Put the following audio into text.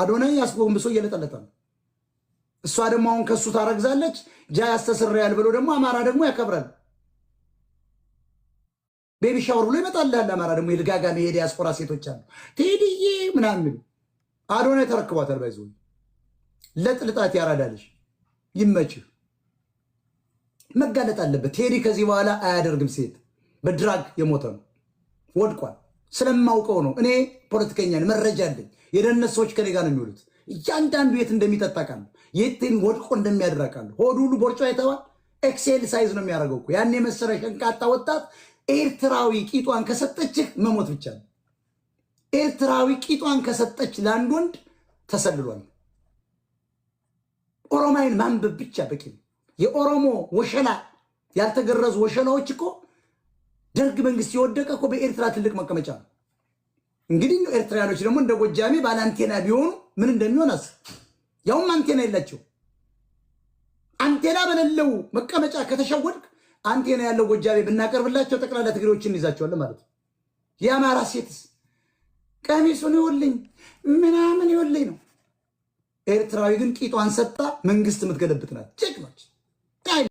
አዶናይ አስጎንብሶ እየለጠለጠ ነው። እሷ ደግሞ አሁን ከእሱ ታረግዛለች። ጃ ያስተስረያል ብሎ ደግሞ አማራ ደግሞ ያከብራል። ቤቢ ሻወር ብሎ ይመጣልሃል። አማራ ደግሞ የድጋጋሚ የዲያስፖራ ሴቶች አሉ። ቴዲዬ ምናምን አዶናይ ተረክቧታል። ባይዞ ለጥልጣት ያራዳልሽ ይመችህ። መጋለጥ አለበት ቴዲ። ከዚህ በኋላ አያደርግም። ሴት በድራግ የሞተ ነው፣ ወድቋል። ስለማውቀው ነው። እኔ ፖለቲከኛ ነኝ፣ መረጃ አለኝ። የደህንነት ሰዎች ከኔ ጋር ነው የሚውሉት። እያንዳንዱ የት እንደሚጠጣቃል፣ የትን ወድቆ እንደሚያድር ቃሉ ሆድ ሁሉ ቦርጮ አይተዋል። ኤክሴል ሳይዝ ነው የሚያደርገው እኮ ያን የመሰለ ሸንቃጣ ወጣት ኤርትራዊ ቂጧን ከሰጠችህ መሞት ብቻ ነው። ኤርትራዊ ቂጧን ከሰጠች ለአንድ ወንድ ተሰልሏል። ኦሮማይን ማንበብ ብቻ በቂ ነው። የኦሮሞ ወሸላ ያልተገረዙ ወሸላዎች እኮ ደርግ መንግስት የወደቀ እኮ በኤርትራ ትልቅ መቀመጫ ነው። እንግዲህ ኤርትራያኖች ደግሞ እንደ ጎጃሜ ባለ አንቴና ቢሆኑ ምን እንደሚሆን አስ ያውም አንቴና የላቸው። አንቴና በሌለው መቀመጫ ከተሸወድክ አንቴና ያለው ጎጃሜ ብናቀርብላቸው ጠቅላላ ትግሬዎችን እንይዛቸዋለን ማለት ነው። የአማራ ሴትስ ቀሚሱን ይወልኝ ምናምን ይወልኝ ነው። ኤርትራዊ ግን ቂጧን ሰጣ መንግስት የምትገለብጥ ናት። ጀግኖች